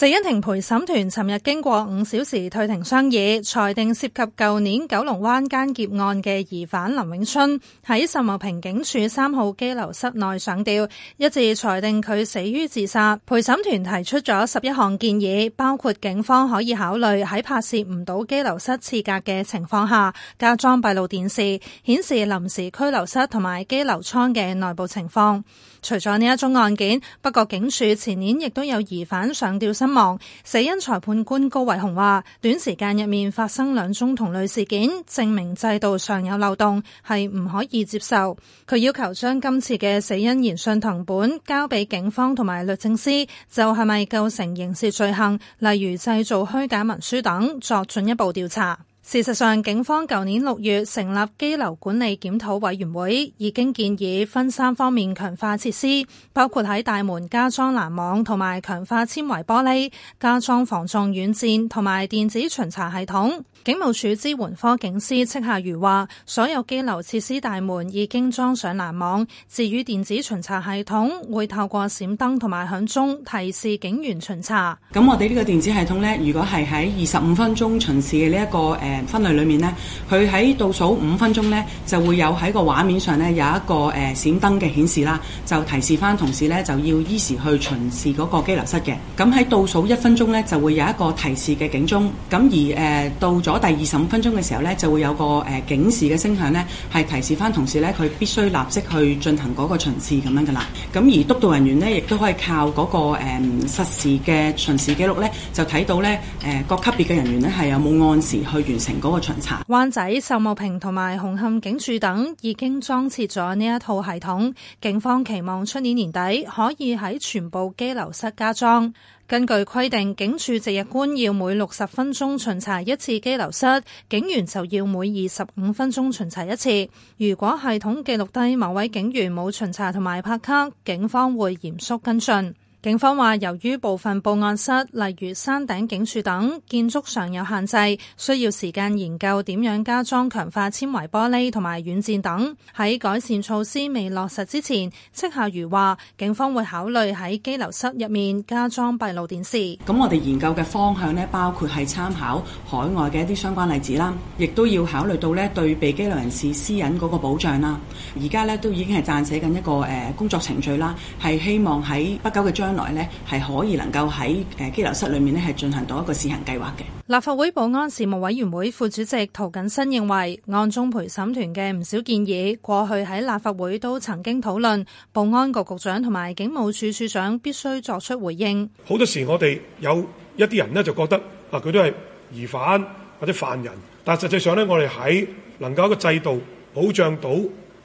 死因庭陪審團尋日經過五小時退庭商議，裁定涉及舊年九龍灣姦劫案嘅疑犯林永春喺秀茂坪警署三號羈留室內上吊，一致裁定佢死於自殺。陪審團提出咗十一項建議，包括警方可以考慮喺拍攝唔到羈留室廁格嘅情況下加裝閉路電視，顯示臨時拘留室同埋羈留倉嘅內部情況。除咗呢一宗案件，不過警署前年亦都有疑犯上吊身亡死因裁判官高偉雄話，短時間入面發生兩宗同類事件，證明制度上有漏洞，係唔可以接受。佢要求將今次嘅死因研訊謄本交俾警方同埋律政司，就係、是、咪構成刑事罪行，例如製造虛假文書等，作進一步調查。事實上，警方舊年六月成立羈留管理檢討委員會，已經建議分三方面強化設施，包括喺大門加裝欄網同埋強化纖維玻璃，加裝防撞軟墊同埋電子巡查系統。警務署支援科警司戚夏如話：所有羈留設施大門已經裝上欄網，至於電子巡查系統，會透過閃燈同埋響鐘提示警員巡查。咁我哋呢個電子系統呢，如果係喺二十五分鐘巡視嘅呢一個誒。呃分類裏面呢佢喺倒數五分鐘呢，就會有喺個畫面上呢有一個誒、呃、閃燈嘅顯示啦，就提示翻同事呢就要依時去巡視嗰個羈留室嘅。咁喺倒數一分鐘呢，就會有一個提示嘅警鐘。咁而、呃、到咗第二十五分鐘嘅時候呢，就會有個、呃、警示嘅聲響呢，係提示翻同事呢，佢必須立即去進行嗰個巡視咁樣噶啦。咁而督導人員呢，亦都可以靠嗰、那個實、呃、實時嘅巡視記錄呢，就睇到呢誒、呃、各級別嘅人員呢，係有冇按時去完成。成嗰個巡查，灣仔、秀茂坪同埋紅磡警署等已經裝設咗呢一套系統。警方期望出年年底可以喺全部羈留室加裝。根據規定，警署值日官要每六十分鐘巡查一次羈留室，警員就要每二十五分鐘巡查一次。如果系統記錄低某位警員冇巡查同埋拍卡，警方會嚴肅跟進。警方話，由於部分報案室，例如山頂警署等建築上有限制，需要時間研究點樣加裝強化纖維玻璃同埋軟墊等。喺改善措施未落實之前，戚夏如話，警方會考慮喺羈留室入面加裝閉路電視。咁我哋研究嘅方向呢，包括係參考海外嘅一啲相關例子啦，亦都要考慮到呢對被羈留人士私隱嗰個保障啦。而家呢都已經係撰寫緊一個誒工作程序啦，係希望喺不久嘅將將來呢，係可以能夠喺誒羈留室裏面呢，係進行到一個試行計劃嘅。立法會保安事務委員會副主席涂謹申認為，案中陪審團嘅唔少建議，過去喺立法會都曾經討論，保安局局長同埋警務處處長必須作出回應。好多時我哋有一啲人呢，就覺得啊，佢都係疑犯或者犯人，但實際上呢，我哋喺能夠一個制度保障到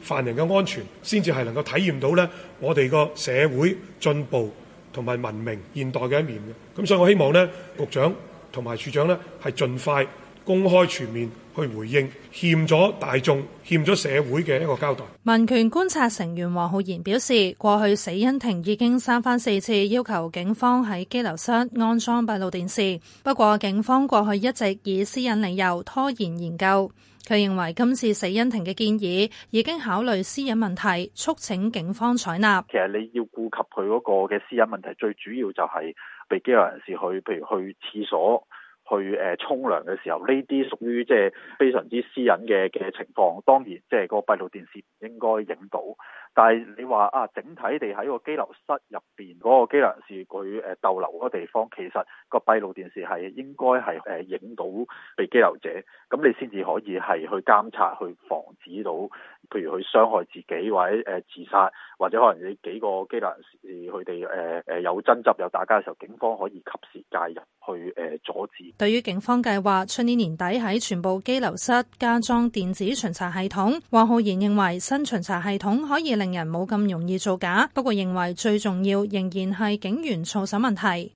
犯人嘅安全，先至係能夠體驗到呢，我哋個社會進步。同埋文明現代嘅一面嘅，咁所以我希望咧，局長同埋處長咧，係盡快，公開全面去回應，欠咗大眾、欠咗社會嘅一個交代。民權觀察成員黃浩然表示，過去死因庭已經三番四次要求警方喺羈留室安裝閉路電視，不過警方過去一直以私隱理由拖延研究。佢認為今次死因庭嘅建議已經考慮私隱問題，促請警方採納。其實你要顧及佢嗰個嘅私隱問題，最主要就係被羈留人士去，譬如去廁所。去誒沖涼嘅時候，呢啲屬於即係非常之私隱嘅嘅情況。當然，即係個閉路電視唔應該影到。但係你話啊，整體地喺個拘留室入面嗰、嗰個拘留人士佢逗留嗰地方，其實個閉路電視係應該係影到被拘留者，咁你先至可以係去監察，去防止到譬如佢傷害自己或者誒自殺，或者可能你幾個拘留人士佢哋誒有爭執有打架嘅時候，警方可以及時介入。去誒阻止。對於警方計劃，出年年底喺全部羈留室加裝電子巡查系統，黃浩然認為新巡查系統可以令人冇咁容易造假，不過認為最重要仍然係警員操守問題。